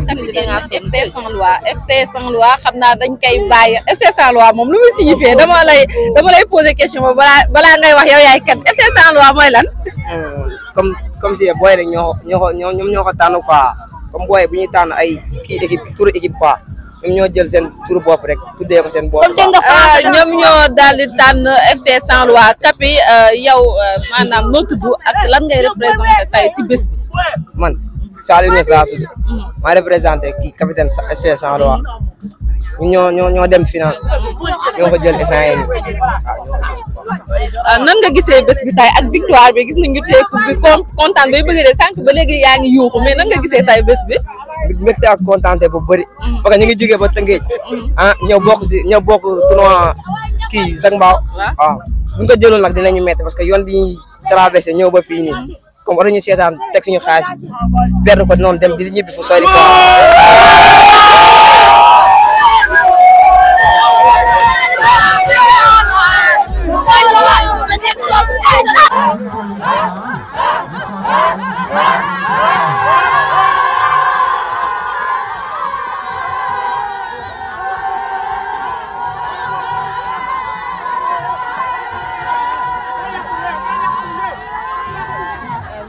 capitaine FC sans loi FC sans loi dañ kay bàyyi FC sans loi moom lu muy signifié dama lay dama lay poser question boobu balaa ngay wax yow yaay kat FC sans loi mooy lan. Euh, comme comme si booy rek ñoo ñoo ñoo ñoo ko tànn quoi comme booy bu ñuy tànn ay kii équipe turu ñoom ñoo jël seen turu bopp rek tuddee ko seen bopp. Ah, ñoom ñoo daal di tànn FC Sans Loi Kapi euh, yow euh, maanaam noo tudd ak lan ngay représenté tey si bés bi. man Saliou Niass laa tudd. Mm-hmm. maa représenté kii capitaine FC Sans Loi ñoo ñoo dem final ñoo ko jël instant yii waaw ah, nan nga gisee bés bi tay ak victoire bi gis nañu tey coupe bi kontaan bay bëgg de sànq ba léegi yaa ngi yuuxu mais nan nga gisee tay bés bi. mette ak contenté bu bari parce que ñu ngi jógee ba Tëngéej ah ñëw bok ci ñëw bok tournoi ki Zac Mbao waaw buñ ko jëloon nag dinañu métti parce que yoon bi ñuy traversé ñëw ba fi ni comme ñu sétane tek suñu xaas perdre ko non dem di ñibi fu sori ko Ah!